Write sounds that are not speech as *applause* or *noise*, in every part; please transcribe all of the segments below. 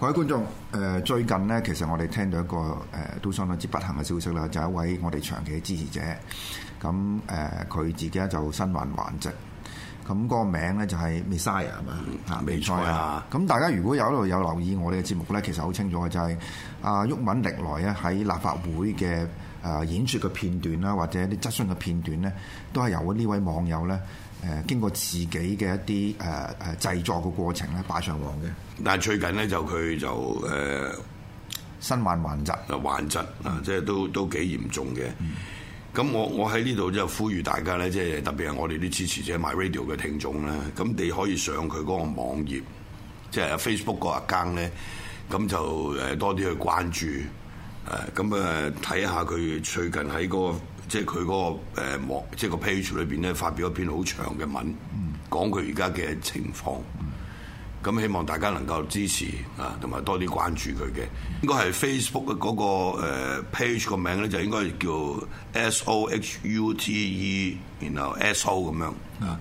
各位觀眾，誒、呃、最近呢，其實我哋聽到一個誒、呃、都相當之不幸嘅消息啦，就係、是、一位我哋長期嘅支持者，咁誒佢自己咧就身患癌症，咁、呃、個名咧就係、是、Misaya 啊 Misaya 咁大家如果有一度有留意我哋嘅節目咧，其實好清楚嘅，就係阿毓民歷來咧喺立法會嘅誒、呃、演說嘅片段啦，或者啲質詢嘅片段咧，都係由呢位網友咧。誒經過自己嘅一啲誒誒製作嘅過程咧，擺上網嘅。但係最近咧就佢就誒身患患疾，患疾，啊，即係都都幾嚴重嘅。咁、嗯、我我喺呢度即係就呼籲大家咧，即係特別係我哋啲支持者 My Radio 嘅聽眾咧，咁你可以上佢嗰個網頁，即係 Facebook 嗰一更咧，咁就誒多啲去關注。誒咁誒睇下佢最近喺嗰、嗰個即係佢嗰個誒、呃、即係個 page 裏邊咧發表一篇好長嘅文，講佢而家嘅情況。咁、mm. 嗯、希望大家能夠支持啊，同埋多啲關注佢嘅。Mm. 應該係 Facebook 嗰、嗰個誒、呃、page 個名咧，就應該叫 S O H U T E，然後 you know?、so, S O 咁樣啊。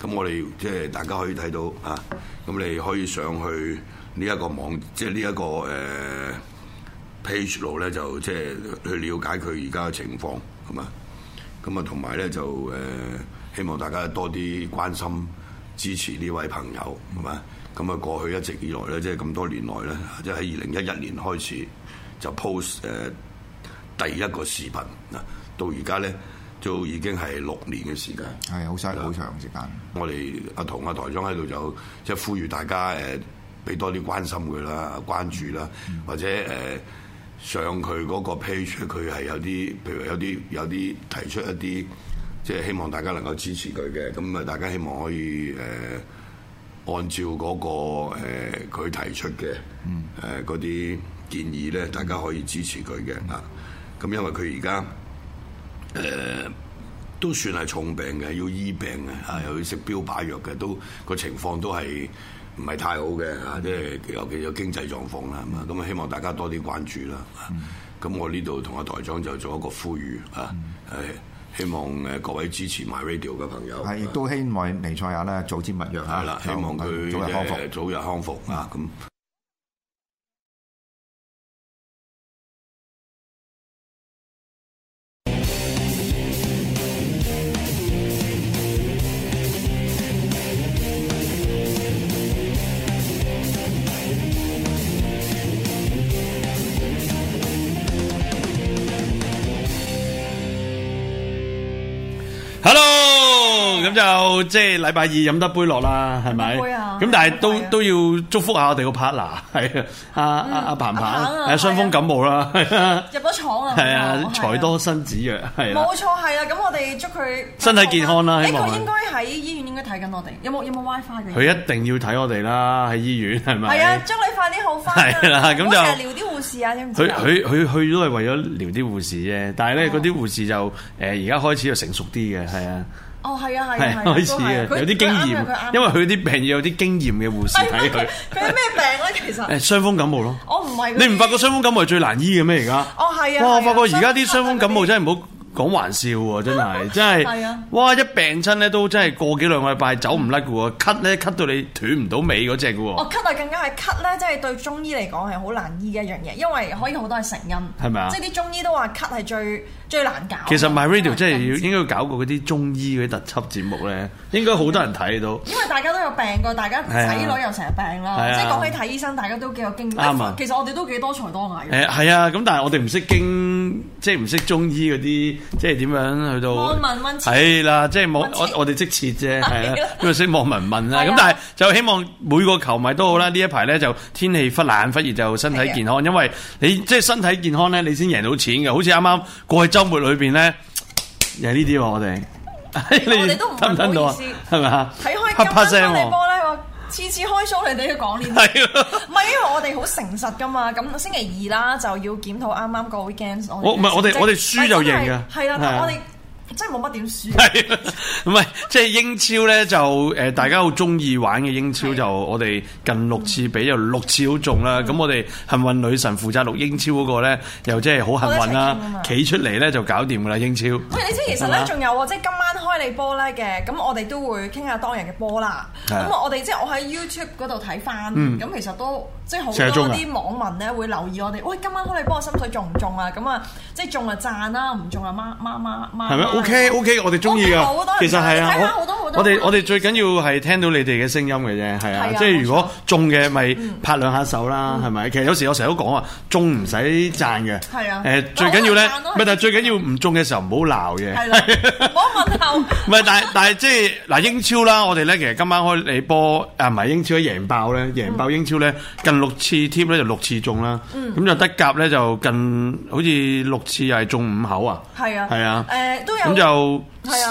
咁我哋即係大家可以睇到啊。咁你可以上去呢一個網，即係呢一個誒。呃 Page 路咧就即係去了解佢而家嘅情況，咁啊，咁啊同埋咧就誒、呃、希望大家多啲關心支持呢位朋友，係咪？咁啊過去一直以來咧，即係咁多年來咧，即係喺二零一一年開始就 post 誒、呃、第一個視頻嗱，到而家咧就已經係六年嘅時間，係好犀利，好以長時間。我哋阿彤阿台長喺度就即係呼籲大家誒，俾、呃、多啲關心佢啦，關注啦，嗯、或者誒。呃上佢嗰個 page，佢係有啲，譬如有啲有啲提出一啲，即係希望大家能夠支持佢嘅。咁啊，大家希望可以誒、呃，按照嗰、嗰個佢、呃、提出嘅，誒嗰啲建議咧，大家可以支持佢嘅。啊、嗯，咁因為佢而家誒都算係重病嘅，要醫病嘅，啊又要食標靶藥嘅，都個情況都係，唔係太好嘅嚇，即係尤其有經濟狀況啦，咁啊希望大家多啲關注啦。咁我呢度同阿台長就做一個呼籲嚇，係希望誒各位支持 MyRadio 嘅朋友，係亦都希望尼賽亞咧早知勿藥嚇，希望佢早日康復，早日康復啊咁。就即係禮拜二飲得杯落啦，係咪？啊！咁但係都都要祝福下我哋個 partner，係阿阿阿彭，彭，啊！傷風感冒啦，入咗廠啊！係啊，財多身子弱，係啊，冇錯係啊，咁我哋祝佢身體健康啦。誒，佢應該喺醫院應該睇緊我哋，有冇有冇 WiFi 嘅？佢一定要睇我哋啦，喺醫院係咪？係啊，祝你快啲好翻啦。咁就撩啲護士啊，啲唔知佢佢佢去都係為咗撩啲護士啫，但係咧嗰啲護士就誒而家開始又成熟啲嘅，係啊。哦，係啊，係，啊，開始啊，有啲經驗，因為佢啲病要有啲經驗嘅護士睇佢。佢咩病咧？其實。誒，傷風感冒咯。我唔係，你唔發覺傷風感冒係最難醫嘅咩？而家。哦，係啊。哇，我發覺而家啲傷風感冒真係唔好。講玩笑喎，真係，真係，係啊，哇！一病親咧都真係過幾兩個禮拜走唔甩嘅喎，咳咧咳到你斷唔到尾嗰隻嘅喎。哦，咳啊，更加係咳咧，真係對中醫嚟講係好難醫嘅一樣嘢，因為可以好多係成因。係咪啊？即係啲中醫都話咳係最最難搞。其實 My Radio 即係要應該要搞過嗰啲中醫嗰啲特輯節目咧，應該好多人睇到。因為大家都有病過，大家仔女又成日病啦，即係講起睇醫生，大家都幾有經驗。其實我哋都幾多才多藝嘅。係啊，咁但係我哋唔識經。即係唔識中醫嗰啲，即係點樣去到？望聞問切係啦，即係冇前，我我哋即切啫，係啦了，咁啊識望聞問啦。咁了但係就希望每個球迷都好啦。呢一排咧就天氣忽冷忽熱，就身體健康。了因為你即係身體健康咧，你先贏到錢嘅。好似啱啱過去周末裏邊咧，又係呢啲我哋，你哋都唔得唔得到啊，係咪啊？啪啪聲喎。次次開 show 你哋要講呢啲，唔係 *laughs* 因為我哋好誠實噶嘛。咁星期二啦就要檢討啱啱個 weekend，我唔係我哋我哋輸就贏噶，係啦。真係冇乜點輸。係，唔係即係英超咧就誒、呃，大家好中意玩嘅英超是的 就我哋近六次比又、嗯、六次好中啦。咁、嗯、我哋幸運女神負責錄英超嗰個咧，又即係好幸運啦。企出嚟咧就搞掂噶啦，英超。喂、嗯，你知其實咧仲有啊，即係今晚開你波咧嘅。咁我哋都會傾下當日嘅波啦。咁是的 我哋即係我喺 YouTube 嗰度睇翻。咁、嗯、其實都。即係好多啲網民咧會留意我哋，喂，今晚開你波個心水中唔中啊？咁啊，即係中啊讚啦，唔中啊媽媽媽媽。係咩？OK OK，我哋中意嘅。其實係啊，我我哋我哋最緊要係聽到你哋嘅聲音嘅啫，係啊。即係如果中嘅咪拍兩下手啦，係咪？其實有時我成日都講啊，中唔使讚嘅。係啊。誒，最緊要咧，咪但係最緊要唔中嘅時候唔好鬧嘅。係啦，冇問候。咪但係但係即係嗱英超啦，我哋咧其實今晚開你波誒唔係英超贏爆咧，贏爆英超咧近。六次 tip 咧就六次中啦，嗯，咁就德甲咧就近好似六次係中五口啊，係啊，係啊，誒，都有咁就。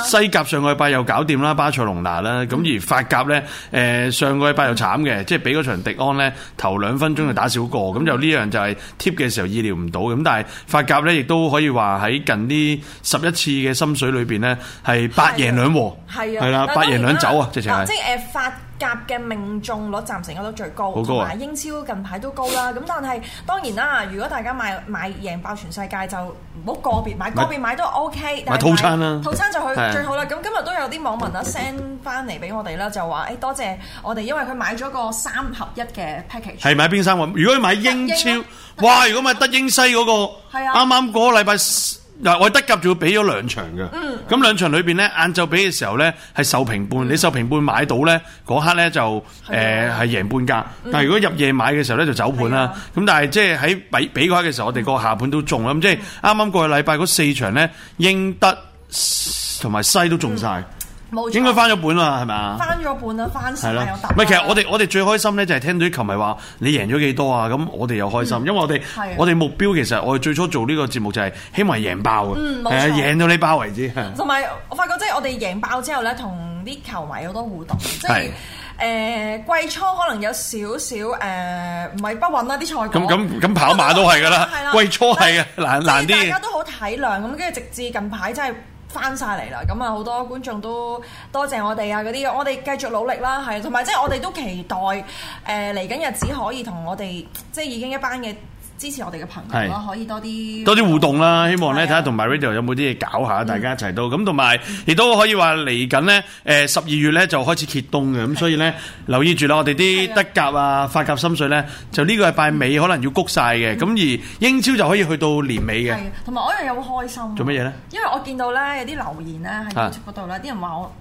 西甲上個禮拜又搞掂啦，巴塞隆拿啦，咁而法甲咧，誒、呃、上個禮拜又慘嘅，嗯、即係俾嗰場迪安咧頭兩分鐘就打少個，咁就呢樣就係 tip 嘅時候意料唔到咁，但係法甲咧亦都可以話喺近呢十一次嘅心水裏邊咧係八贏兩和，係啊，係啦，八贏兩走啊，即係即係誒法甲嘅命中率暫時我覺得最高，好高啊！英超近排都高啦，咁但係當然啦，如果大家買買贏爆全世界就唔好個別買，個別買都 OK，買，買，買套餐啦，啊，套餐就。佢最好啦！咁今日都有啲網民啦 send 翻嚟俾我哋啦，就話：誒多謝我哋，因為佢買咗個三合一嘅 package。係買邊三個？如果買英超，哇！如果買德英西嗰個，啱啱嗰個禮拜嗱，我德甲仲要俾咗兩場嘅。嗯，咁兩場裏邊咧，晏晝俾嘅時候咧係受平半，你受平半買到咧，嗰刻咧就誒係贏半格。但係如果入夜買嘅時候咧就走盤啦。咁但係即係喺比比嗰下嘅時候，我哋個下盤都中啦。咁即係啱啱過去禮拜嗰四場咧，英德。同埋西都中曬，嗯、應該翻咗本啦，係咪啊？翻咗本啦，翻曬，有唔係，其實我哋我哋最開心咧，就係聽到啲球迷話你贏咗幾多啊？咁我哋又開心，嗯、因為我哋是的 我哋目標，其實我哋最初做呢個節目就係希望贏爆嘅，係、嗯、啊，贏到你爆為止。同埋我發覺即係我哋贏爆之後咧，同啲球迷好多互動，即係誒季初可能有少少誒唔係不穩啦啲賽。咁咁咁跑馬都係噶啦，季、嗯嗯、初係嘅但 難難啲，大家都好體諒咁，跟住直至近排真係。翻晒嚟啦，咁啊好多觀眾都多謝我哋啊嗰啲，我哋繼續努力啦，係啊同埋即係我哋都期待誒嚟緊日子可以同我哋即係已經一班嘅。支持我哋嘅朋友啦，可以多啲多啲互動啦，希望咧睇下同埋 Radio 有冇啲嘢搞下，大家一齊都咁，同埋亦都可以話嚟緊咧，誒十二月咧就開始揭冬嘅，咁所以咧留意住啦，我哋啲德甲啊、法甲、心水咧，就呢個禮拜尾可能要谷晒嘅，咁而英超就可以去到年尾嘅。係，同埋我一樣有好開心。做乜嘢咧？因為我見到咧有啲留言咧喺 YouTube 嗰度咧，啲人話我。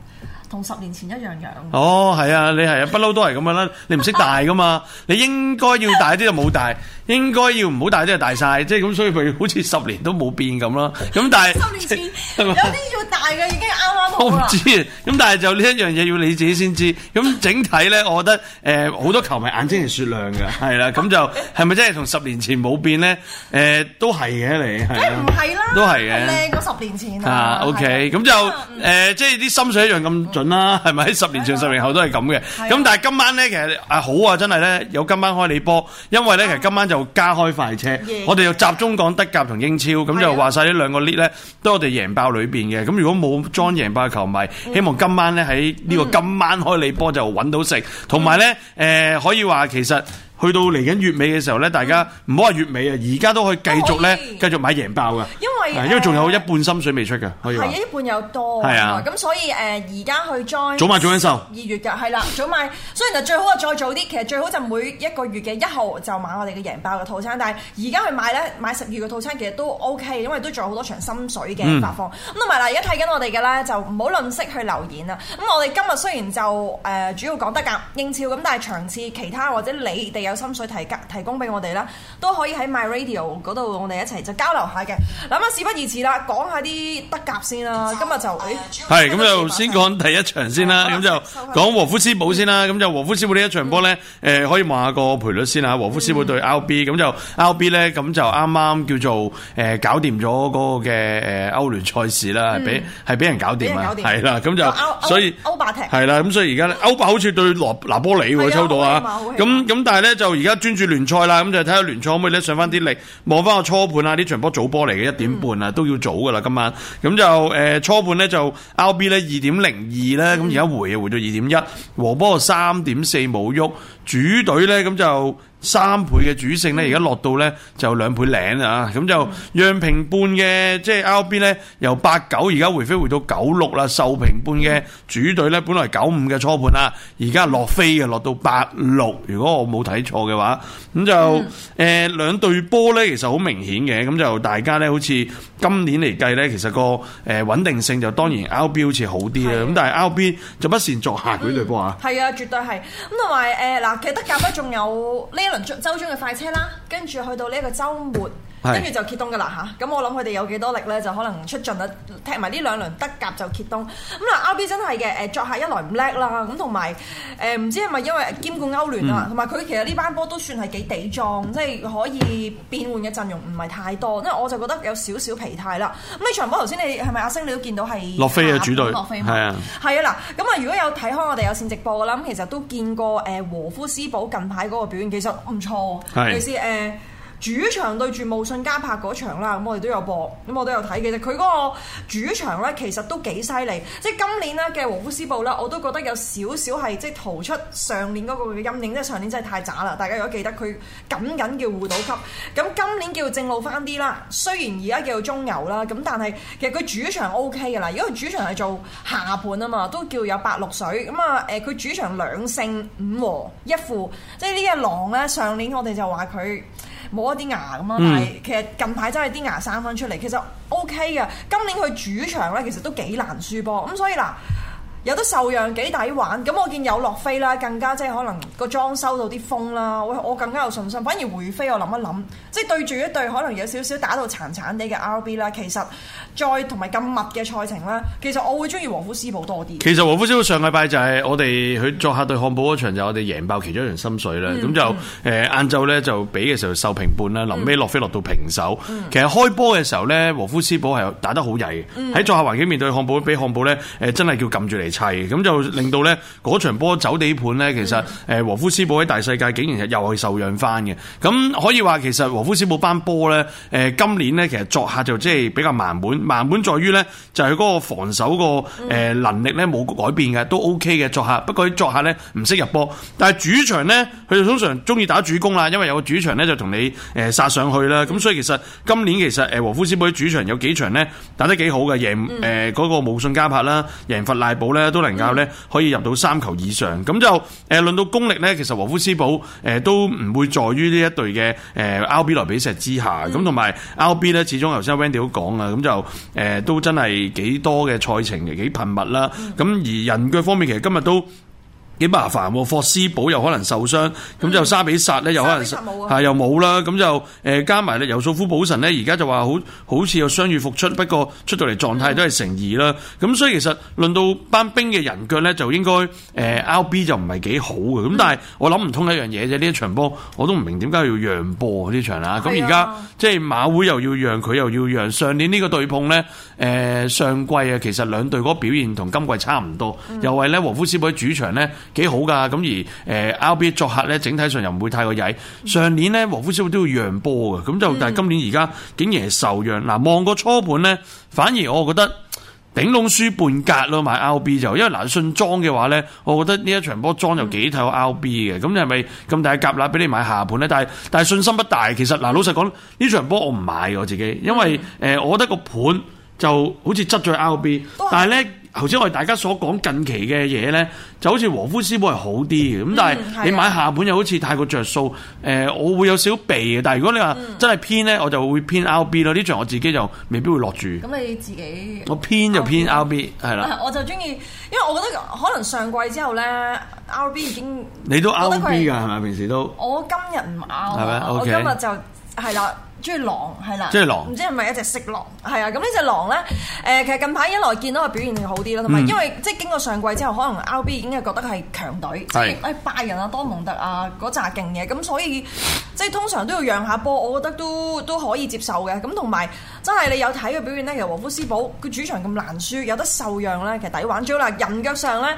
同十年前一樣樣。哦，係啊，你係啊，不嬲都係咁樣啦。你唔識大噶嘛？你應該要大啲就冇大，應該要唔好大啲就大晒，即係咁，所以佢好似十年都冇變咁囉。咁但係十年前有啲要大嘅已經啱啱好。我唔知，咁但係就呢一樣嘢要你自己先知。咁整體咧，我覺得誒好多球迷眼睛係雪亮㗎，係啦，咁就係咪真係同十年前冇變咧？誒，都係嘅你。誒唔係啦。都係嘅。靚過十年前啊。OK，咁就誒，即係啲心水一樣咁。啦，係咪啊？十年前，哎，呀十年後都係咁嘅。咁，啊，但係今晚呢，其實啊好啊，真係呢。有今晚開你波，因為呢，其實今晚就加開快車，啊，我哋又集中講德甲同英超，咁，啊，就，啊，話晒呢兩個 lead 都我哋贏爆裏邊嘅。咁如果冇裝贏爆嘅球迷，嗯，希望今晚呢，喺呢個今晚開你波就揾到食，同埋呢，誒，嗯呃、可以話其實。去到嚟緊月尾嘅時候咧，大家唔好話月尾啊，而家都可以繼續咧，繼續買贏爆噶。因為、呃、因為仲有一半心水未出嘅，係啊，一半有多係啊，咁、嗯、所以誒而家去 join 早買早享受二月㗎，係啦，早買 *laughs* 雖然就最好啊再早啲，其實最好就每一個月嘅一號就買我哋嘅贏爆嘅套餐。但係而家去買咧，買十二個套餐其實都 OK，因為都仲有好多場心水嘅發放。咁同埋嗱，而家睇緊我哋嘅啦，就唔好吝惜去留言啊。咁我哋今日雖然就誒、呃、主要講德甲、英超咁，但係場次其他或者你哋有心水提提供俾我哋啦，都可以喺 My Radio 嗰度，我哋一齊就交流下嘅。諗下事不宜遲啦，講下啲德甲先啦。今日就係咁就先講第一場先啦。咁就講和夫斯堡先啦。咁就和夫斯堡呢一場波咧，誒可以望下個賠率先嚇。和夫斯堡對 RB 咁就 RB 咧，咁就啱啱叫做誒搞掂咗嗰個嘅誒歐聯賽事啦，係俾係俾人搞掂啊，係啦。咁就所以歐霸係啦。咁所以而家歐霸好似對羅拿波里喎抽到啊。咁咁但係咧。就而家專注聯賽啦，咁就睇下聯賽可唔可以咧上翻啲力，望翻個初盤啊。呢場波早波嚟嘅，一點半啊，嗯、都要早噶啦，今晚咁就誒、呃、初盤咧就 L B 咧二點零二咧，咁而家回啊回到二點一，和波三點四冇喐。主隊咧咁就三倍嘅主勝咧，而家落到咧就兩倍零啊！咁就讓平半嘅即係 L B 咧，由八九而家回飛回到九六啦。受平半嘅主隊咧，本來九五嘅初盤啦，而家落飛嘅落到八六。如果我冇睇錯嘅話，咁就誒、嗯呃、兩隊波咧，其實好明顯嘅。咁就大家咧，好似今年嚟計咧，其實個誒穩定性就當然 L B 好似好啲啊。咁的但係 L B 就不善作下嗰隊波啊。係啊、嗯，絕對係咁同埋誒嗱。其實德甲都仲有呢一輪週週中嘅快車啦，跟住去到呢個周末。跟住就揭東噶啦嚇，咁我諗佢哋有幾多力咧？就可能出盡啦，踢埋呢兩輪德甲就揭東。咁啊，R B 真係嘅，誒作客一來唔叻啦，咁同埋誒唔知係咪因為兼顧歐聯啊，同埋佢其實呢班波都算係幾地壯，即係可以變換嘅陣容唔係太多，因為我就覺得有少少疲態啦。咁呢場波頭先你係咪阿星你都見到係？洛飛啊，主隊，係啊，係啊，嗱，咁啊，如果有睇開我哋有線直播噶啦，咁其實都見過誒和夫斯堡近排嗰個表現，其實唔錯，尤其是誒。主場對住慕遜加柏嗰場啦，咁我哋都有播，咁我都有睇其，其實佢嗰個主場呢，其實都幾犀利。即係今年呢，嘅禾夫斯堡呢，我都覺得有少少係即係逃出上年嗰個嘅陰影。即係上年真係太渣啦！大家如果記得，佢僅僅叫護到級，咁今年叫正路翻啲啦。雖然而家叫做中游啦，咁但係其實佢主場 O K 嘅啦，如果佢主場係做下盤啊嘛，都叫有八六水。咁啊誒，佢主場兩勝五和一負，即係呢隻狼呢，上年我哋就話佢。冇一啲牙噉樣，但係其實近排真係啲牙生翻出嚟，其實 OK 嘅。今年佢主場咧，其實都幾難輸波，咁所以嗱。有得受讓幾抵玩，咁我見有落飛啦，更加即係可能個裝修到啲風啦，我更加有信心。反而回飛我諗一諗，即係對住一對可能有少少打到殘殘地嘅 R B 啦，其實再同埋咁密嘅賽程啦，其實我會中意禾夫斯堡多啲。其實禾夫斯堡上個禮拜就係我哋去作客對漢堡嗰場就我哋贏爆其中一場心水啦，咁、嗯嗯、就誒晏晝咧就比嘅時候受平半啦，臨尾落飛落到平手。嗯嗯、其實開波嘅時候咧，禾夫斯堡係打得好曳，喺作客環境面對漢堡，比漢堡咧誒真係叫撳住嚟。齊咁就令到咧嗰場波走地盤咧，其實誒，和夫斯堡喺大世界竟然又係受讓翻嘅。咁可以話其實和夫斯堡班波咧，誒、呃，今年咧其實作客就即係比較慢滿，慢滿在於咧就係嗰個防守個誒能力咧冇改變嘅，都 O K 嘅作客。不過佢作客咧唔識入波，但係主場咧佢哋通常中意打主攻啦，因為有個主場咧就同你誒殺上去啦。咁所以其實今年其實誒和夫斯堡喺主場有幾場咧打得幾好嘅，贏誒嗰個武信加柏啦，贏佛賴堡咧，都能夠咧可以入到三球以上，咁就誒、呃、論到功力咧，其實和夫斯堡誒都唔會在於呢一隊嘅誒歐比來比石之下，咁同埋歐 B 咧，始終頭先 Wendy 都講啦，咁就誒、呃、都真係幾多嘅賽程，幾頻密啦，咁、嗯、而人腳方面其實今日都，幾麻煩喎，霍斯堡又可能受傷，咁就沙比薩咧又可能係又冇啦，咁就誒加埋咧尤素夫保臣咧，而家就話好好似有傷愈復出，不過出到嚟狀態都係成疑啦，咁所以其實輪到班兵嘅人腳咧，就應該誒 L B 就唔係幾好嘅，咁但係我諗唔通一樣嘢啫，呢一場波我都唔明點解要讓波呢場啦，咁而家即係馬會又要讓，佢又要讓，上年呢個對碰咧誒上季啊，其實兩隊嗰表現同今季差唔多，又係咧霍夫斯堡喺主場咧。幾好噶，咁而誒 L B 作客咧，整體上又唔會太過曳。嗯、上年咧，皇夫少少都要讓波嘅，咁就、嗯、但係今年而家竟然係受讓嗱。望個初盤咧，反而我覺得頂籠輸半格咯，買 L B 就因為嗱信莊嘅話咧，我覺得呢一場波莊又幾睇我 L B 嘅。咁你係咪咁大夾啦？俾你買下盤咧？但係但係信心不大。其實嗱，老實講呢場波我唔買我自己，因為誒，我覺得個盤就好似執咗 L B、嗯、但係咧。頭先我哋大家所講近期嘅嘢咧，就好似和夫斯堡係好啲嘅，咁但係你買下盤又好似太過着數，誒、呃、我會有少少避嘅。但係如果你話真係偏咧，嗯、我就會偏 R B 咯。呢場我自己就未必會落注。咁你自己我偏就偏 R B 係啦的。我就中意，因為我覺得可能上季之後咧，R B 已經你都 R B 㗎，係咪？平時都我今日唔啱，我今日就係啦。中意狼係啦，中意狼，唔知係咪一隻色狼？係啊，咁呢隻狼咧，誒、呃，其實近排一來見到佢表現係好啲咯，同埋、嗯、因為即係經過上季之後，可能 RB 已經係覺得佢係強隊，是的 即係誒、哎、拜仁啊、多蒙特啊嗰扎勁嘅。咁所以即係通常都要讓下波，我覺得都都可以接受嘅。咁同埋真係你有睇佢表現咧，其實禾夫斯堡佢主場咁難輸，有得受讓咧，其實抵玩咗啦。人腳上咧，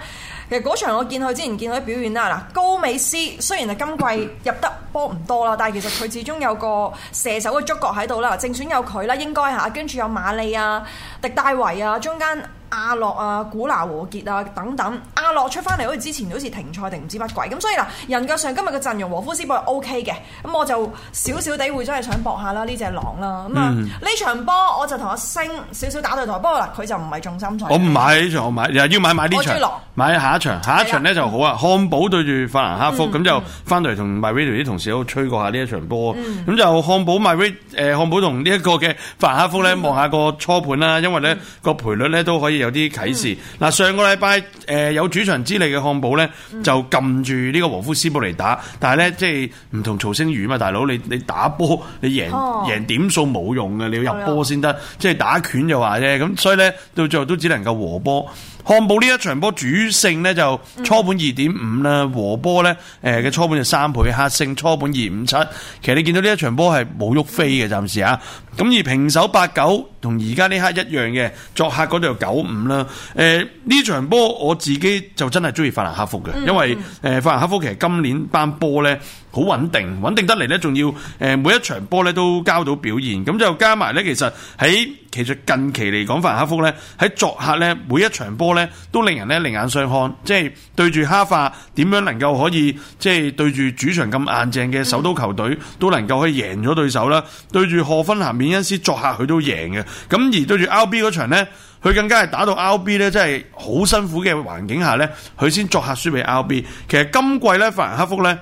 其實嗰場我見佢之前見佢表現啦，嗱，高美斯雖然係今季入得波唔多啦，但係其實佢始終有個射手。個觸角喺度啦，正選有佢啦，應該吓，跟、啊、住有瑪麗啊、迪大維啊，中間。阿樂啊、古娜和傑啊等等，阿樂出翻嚟好似之前好似停賽定唔知乜鬼，咁所以嗱，人腳上今日嘅陣容和夫斯堡係 OK 嘅，咁我就少少地會咗係搶搏下啦呢隻狼啦，咁啊呢場波我就同阿聲少少打對台，不過嗱佢就唔係重心賽。我唔買呢場，我買係要買買呢場，買下一場，下一場咧就好啊！漢堡對住法蘭克福，咁就翻嚟同 MyRadio 啲同事都吹過下呢一場波，咁就漢堡 MyRadio 誒漢堡同呢一個嘅法蘭克福咧，望下個初盤啦，因為咧個賠率咧都可以。有啲啟示嗱，嗯、上個禮拜誒有主場之利嘅漢堡咧，嗯、就撳住呢個禾夫斯堡嚟打，但係咧即係唔同曹星如啊嘛，大佬你你打波你贏、哦、贏點數冇用嘅，你要入波先得，哦、即係打拳就話啫，咁所以咧到最後都只能夠和波。漢堡呢一場波主勝呢，就初盤二點五啦，嗯、和波呢，誒、呃、嘅初盤就三倍客勝，初盤二五七，其實你見到呢一場波係冇喐飛嘅暫時啊，咁、嗯、而平手八九同而家呢刻一樣嘅作客嗰度九五啦，誒、呃、呢場波我自己就真係中意法蘭克福嘅，嗯、因為誒、呃、法蘭克福其實今年班波呢。好穩定，穩定得嚟咧，仲要誒、呃、每一場波咧都交到表現。咁就加埋咧，其實喺其實近期嚟講，法蘭克福咧喺作客咧每一場波咧都令人咧另眼相看。即係對住哈化，點樣能夠可以即係對住主場咁硬淨嘅首都球隊，都能夠去贏咗對手啦。對住賀芬咸、緬恩斯作客佢都贏嘅。咁而對住 RB 嗰場咧，佢更加係打到 RB 咧，真係好辛苦嘅環境下咧，佢先作客輸俾 RB。其實今季咧，法蘭克福咧。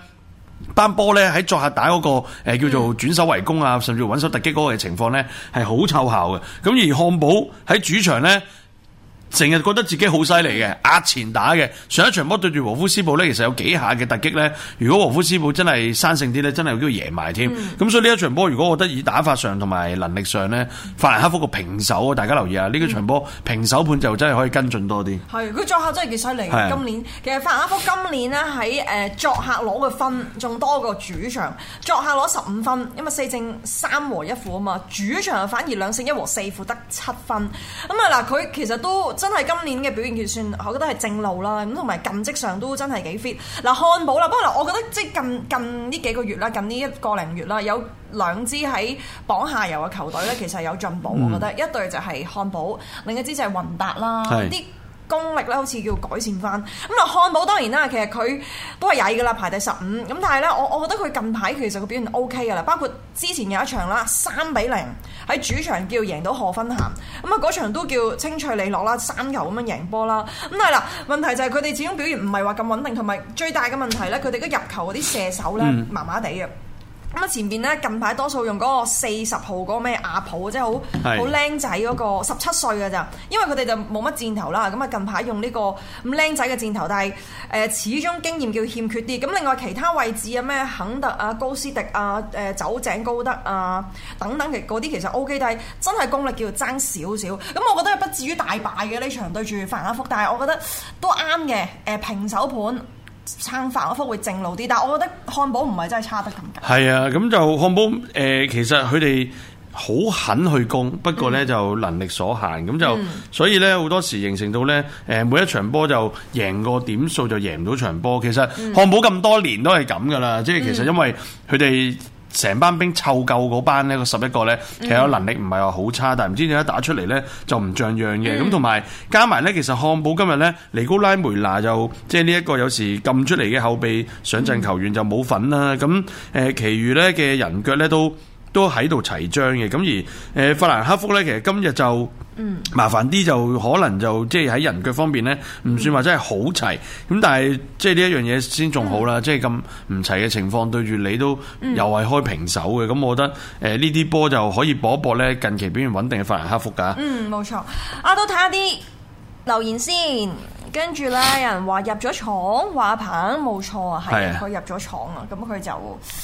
班波咧喺作客打嗰、那個、呃、叫做轉守為攻啊，甚至穩守突擊嗰個情況咧係好奏效嘅。咁而漢堡喺主場咧。成日覺得自己好犀利嘅，壓前打嘅。上一場波對住和夫斯堡咧，其實有幾下嘅突擊咧。如果和夫斯堡真係生性啲咧，真係有機會贏埋添。咁、嗯、所以呢一場波，如果我覺得以打法上同埋能力上咧，法蘭克福個平手，大家留意啊！呢個場波、嗯、平手盤就真係可以跟進多啲。係，佢作客真係幾犀利。今年其實法蘭克福今年呢，喺誒作客攞嘅分仲多過主場。作客攞十五分，因為四勝三和一負啊嘛。主場反而兩勝一和四負得七分。咁啊嗱，佢其實都。真係今年嘅表現決算，我覺得係正路啦，咁同埋近績上都真係幾 fit。嗱，漢堡啦，不過嗱，我覺得即係近近呢幾個月啦，近呢一個零月啦，有兩支喺榜下游嘅球隊呢，其實有進步，我覺得、嗯、一隊就係漢堡，另一支就係雲達啦，啲。功力咧好似叫改善翻。咁啊，漢堡當然啦，其實佢都係曳噶啦，排第十五，咁但係咧，我我覺得佢近排其實個表現 OK 噶啦，包括之前有一場啦，三比零喺主場叫贏到賀芬咸，咁啊嗰場都叫清脆利落啦，三球咁樣贏波啦，咁係啦，問題就係佢哋始終表現唔係話咁穩定，同埋最大嘅問題咧佢哋嗰入球嗰啲射手咧麻麻地嘅。咁啊，前邊咧近排多數用嗰個四十號嗰個咩亞普，即係好好僆仔嗰個十七歲嘅咋，因為佢哋就冇乜箭頭啦。咁啊，近排用呢個咁僆仔嘅箭頭，但係誒、呃、始終經驗叫欠缺啲。咁另外其他位置啊，咩肯特啊、高斯迪啊、誒、呃、酒井高德啊等等嘅嗰啲其實 O、OK, K，但係真係功力叫爭少少。咁我覺得不至於大敗嘅呢場對住凡克福，但係我覺得都啱嘅誒平手盤。撐飯嗰幅會正路啲，但係我覺得漢堡唔係真係差得咁緊。係啊，咁就漢堡誒、呃，其實佢哋好肯去攻，不過咧就能力所限，咁就、嗯、所以咧好多時形成到咧誒、呃，每一場波就贏個點數就贏唔到場波。其實漢堡咁多年都係咁噶啦，即係其實因為佢哋。成班兵湊夠嗰班呢個十一個呢，其實有能力唔係話好差，嗯、但係唔知點解打出嚟呢就唔像樣嘅。咁同埋加埋呢，其實漢堡今日呢，尼高拉梅拿又即係呢一個有時撳出嚟嘅後備上陣球員就冇份啦。咁誒，其餘呢嘅人腳呢都。都喺度齊張嘅，咁而誒、呃、法蘭克福咧，其實今日就麻煩啲，就可能就即係喺人腳方面咧，唔算話真係好齊。咁、嗯、但係即係呢一樣嘢先仲好啦，即係咁唔齊嘅情況對住你都又係開平手嘅。咁、嗯嗯、我覺得誒呢啲波就可以搏一搏咧，近期表現穩定嘅法蘭克福㗎。嗯，冇錯，我都睇下啲。留言先，跟住咧有人話入咗廠，話阿彭冇錯啊，係佢入咗廠啊，咁佢就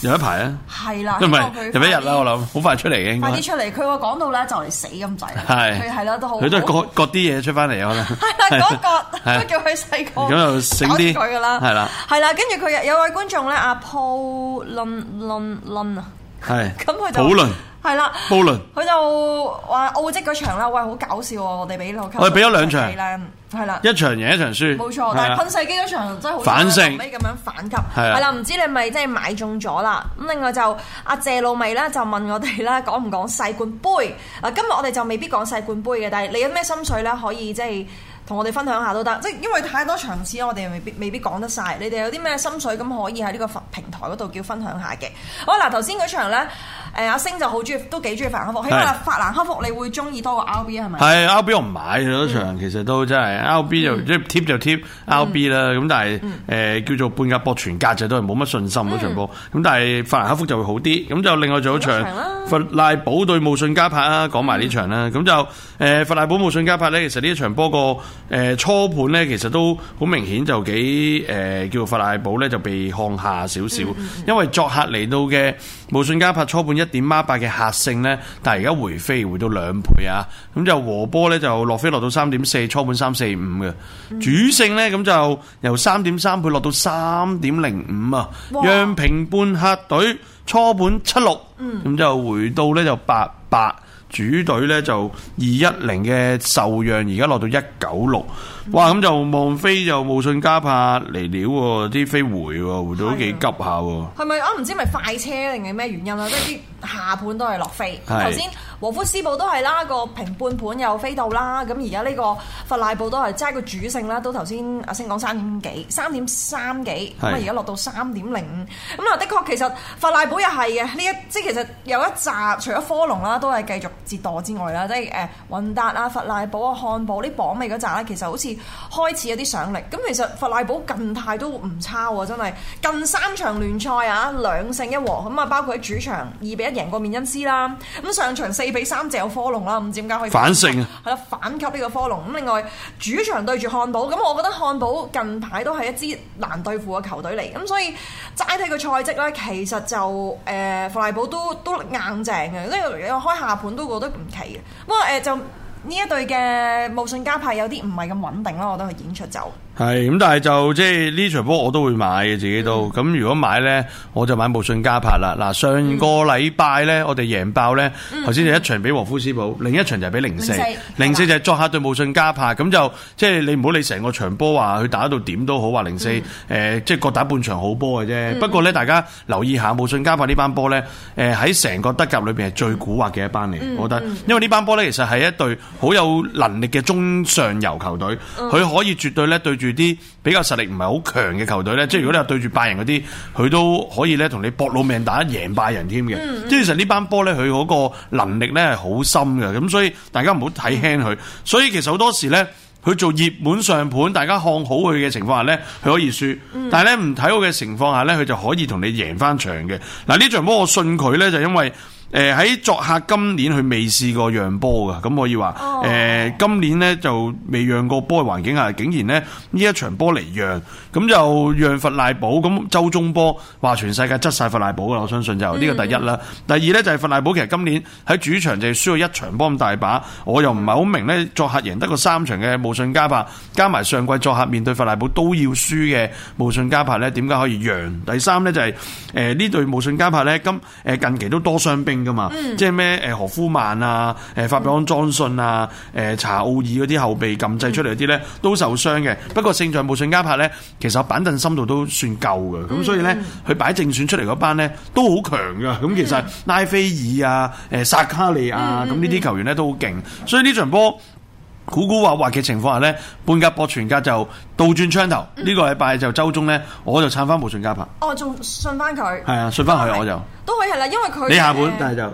有一排啊，係啦，唔係入一日啦，我諗好快出嚟嘅，快啲出嚟！佢話講到咧就嚟死咁滯，係係咯都好，佢都係割割啲嘢出翻嚟可能，係啦割割，不如叫佢細個，咁就醒啲佢噶啦，係啦，係啦，跟住佢有位觀眾咧，阿 Paul Lun Lun Lun 啊，係，咁佢就，好亂。係啦，布倫林佢就話澳職嗰場啦，喂，好搞笑哦！我哋俾兩，我哋俾咗兩場，係啦了，一場贏，一場輸，冇錯錯。的但係噴射機嗰場真係好反勝省，唔可以咁樣反及係啦。唔的知你咪真係買中咗啦？咁的另外就阿謝老味咧，就問我哋咧講唔講世冠杯？啊，今日我哋就未必講世冠杯嘅，但係你有咩心水咧，可以即係同我哋分享下都得。即係因為太多場次，我哋未必未必講得晒。你哋有啲咩心水咁，可以喺呢個平台嗰度叫分享下嘅。好啦，頭先嗰場咧。誒，阿星就好中意，都幾中意法蘭克福。起碼法蘭克福你會中意多過 RB 係咪？係 RB 我唔買咗場，其實都真係 RB 就即係貼就貼 RB 啦。咁但係，誒叫做半壓博全壓就，都係冇乜信心嗰場波。咁但係法蘭克福就會好啲。咁就另外仲有一場弗賴堡對慕遜加柏啊，講埋呢場啦。咁就誒，弗賴堡慕遜加柏咧，其實呢一場波個誒初盤咧，其實都好明顯就幾誒叫做弗賴堡咧就被看下少少，因為作客嚟到嘅。無信加拍初盤一點孖八嘅客勝呢，但係而家回飛回到兩倍啊，咁就和波呢，就落飛落到三點四，初盤三四五嘅主勝呢，咁就由三點三倍落到三點零五啊，哇讓平半客隊初盤七六，咁就回到呢，就八八。主隊咧，就二一零嘅受讓，而家落到一九六，哇！咁就望飛就無信加帕嚟料喎，啲飛回喎，回到都幾急下喎。係咪我唔知係咪快車定係咩原因啊？即係啲下盤都係落飛，頭先的。和夫斯堡都係啦，個平半盤又飛到啦。咁而家呢個佛拉堡都係，即係個主勝啦，都頭先阿聲講三點幾，三點三幾，咁啊而家落到三點零五。咁啊，的確其實佛拉堡又係嘅，呢一即係其實有一扎，除咗科隆啦，都係繼續折墮之外啦，即係誒、呃、雲達啊、佛拉堡啊、漢堡呢榜尾嗰扎咧，其實好似開始有啲上力。咁其實佛拉堡近態都唔差喎，真係近三場聯賽啊，兩勝一和。咁啊，包括喺主場二比一贏過面恩斯啦。咁上場四。你俾三隻有科隆啦，唔知點解可以反勝省啊？係啦，反級呢個科隆。咁。另外，主場對住漢堡，咁我覺得漢堡近排都係一支難對付嘅球隊嚟。咁所以齋睇個賽績咧，其實就誒弗萊堡都都硬淨嘅，跟住開下盤都覺得唔奇嘅。不過誒、呃、就。呢一隊嘅慕遜加柏有啲唔係咁穩定咯，我覺得佢演出就係咁，但係就即係呢場波我都會買嘅，自己都咁。嗯、如果買咧，我就買慕遜加柏啦。嗱，上個禮拜咧，我哋贏爆咧，頭先、嗯嗯、就一場畀禾夫斯堡，另一場就係畀零四零四就係作客對慕遜加柏。咁就即係你唔好理成個場波話佢打到點都好，話零四誒，即係各打半場好波嘅啫。嗯嗯嗯，不過咧，大家留意下慕遜加柏呢班波咧，誒喺成個德甲裏邊係最蠱惑嘅一班嚟，我覺得，因為呢班波咧，其實係一隊。好有能力嘅中上游球隊，佢、嗯、可以絕對咧對住啲比較實力唔係好強嘅球隊咧，嗯、即係如果你係對住拜仁嗰啲，佢都可以咧同你搏老命打贏拜仁添嘅。即係、嗯、其實呢班波咧，佢嗰個能力咧係好深嘅，咁所以大家唔好睇輕佢。所以其實好多時咧，佢做熱門上盤，大家看好佢嘅情況下咧，佢可以輸，嗯、但係咧唔睇好嘅情況下咧，佢就可以同你贏翻場嘅。嗱呢場波我信佢咧，就因為。誒，喺、呃、作客今年佢未試過讓波嘅，咁可以話，誒、呃，今年呢就未讓過波嘅環境下，竟然咧呢一場波嚟讓，咁就讓弗賴堡，咁周中波話全世界執晒弗賴堡嘅，我相信就呢個第一啦。嗯、第二呢就係弗賴堡其實今年喺主場就係輸咗一場波咁大把，我又唔係好明呢。作客贏得過三場嘅慕遜加柏，加埋上，上季作客面對弗賴堡都要輸嘅慕遜加柏呢點解可以讓？第三呢就係誒呢隊慕遜加柏呢今誒近期都多傷兵。噶嘛，嗯、即係咩？誒何夫曼啊，誒法比安莊信啊，誒查奧爾嗰啲後備禁制出嚟啲咧，都受傷嘅。嗯、不過勝在無信加拍咧，其實板凳深度都算夠嘅。咁、嗯、所以咧，佢擺正選出嚟嗰班咧，都好強嘅。咁其實拉菲爾啊，誒薩卡利亞啊，咁呢啲球員咧都好勁。嗯嗯、所以呢場波。古古惑惑嘅情況下咧，半價博全價就倒轉槍頭。呢、嗯、個禮拜就周中咧，我就撐翻部全價牌。哦，仲信翻佢？係啊，信翻佢我就都可以係啦就，因為佢你下盤但係就。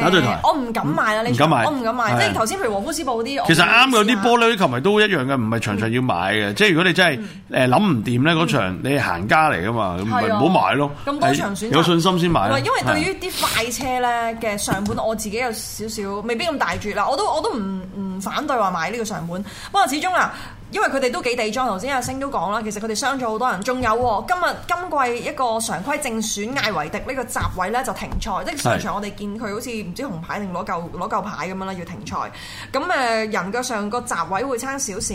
打對台我唔敢買啊，你唔敢買，我唔敢買。即係頭先，譬如禾夫斯堡嗰啲，其實啱有啲玻璃球，埋都一樣嘅，唔係場場要買嘅。即係如果你真係誒諗唔掂咧，嗰場你係行家嚟噶嘛，咁咪唔好買咯。咁多場選有信心先買。因為對於啲快車咧嘅上盤，我自己有少少，未必咁大絕啦。我都我都唔唔反對話買呢個上盤，不過始終啊。因為佢哋都幾地莊，頭先阿星都講啦，其實佢哋傷咗好多人。仲有今日今季一個常規正選艾維迪呢個閘位呢就停賽，即係場場我哋見佢好似唔知紅牌定攞嚿攞嚿牌咁樣啦，要停賽。咁誒人腳上個閘位會差少少。咁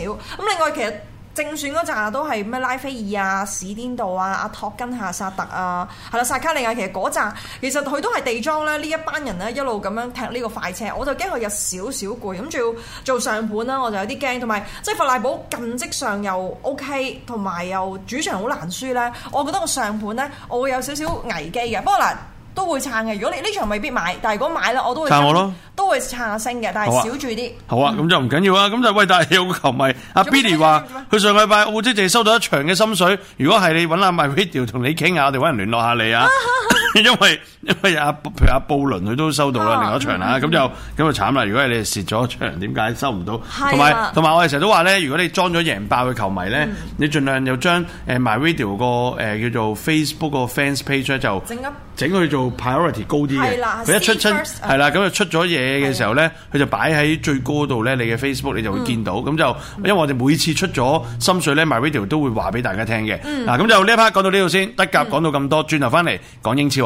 另外其實。正選嗰陣都係咩拉菲爾啊、史甸道啊、阿托根夏薩特啊，係啦，薩卡利亞其實嗰陣其實佢都係地裝咧，呢一班人咧一路咁樣踢呢個快車，我就驚佢有少少攰，咁仲要做上盤啦，我就有啲驚，同埋即係佛萊堡近績上又 OK，同埋又主場好難輸咧，我覺得個上盤咧我會有少少危機嘅，不過嗱。都會撐嘅，如果你呢場未必買，但係如果買咧，我都會撐我咯，都會撐下升嘅，但係少注啲，啊。好啊，咁、嗯、就唔緊要啊，咁就喂，但係有個球迷阿 Billy 話，佢、啊、上禮拜我即係收到一場嘅心水，如果係你揾阿、啊、麥 video 同你傾下，我哋揾人聯絡下你啊。 *laughs* *laughs* 因為因為阿阿布倫佢都收到啦，另一場啦，咁就咁就慘啦。如果係你蝕咗場，點解收唔到？係。同埋同埋我哋成日都話咧，如果你裝咗贏爆嘅球迷咧，你盡量又將誒 MyRadio 個誒叫做 Facebook 個 Fans Page 咧就整一整佢做 Priority 高啲嘅。佢一出親，係啦，咁就出咗嘢嘅時候咧，佢就擺喺最高度咧。你嘅 Facebook 你就會見到。咁就因為我哋每次出咗心水咧，MyRadio 都會話俾大家聽嘅。嗱，咁就呢一 part 講到呢度先。德甲講到咁多，轉頭翻嚟講英超。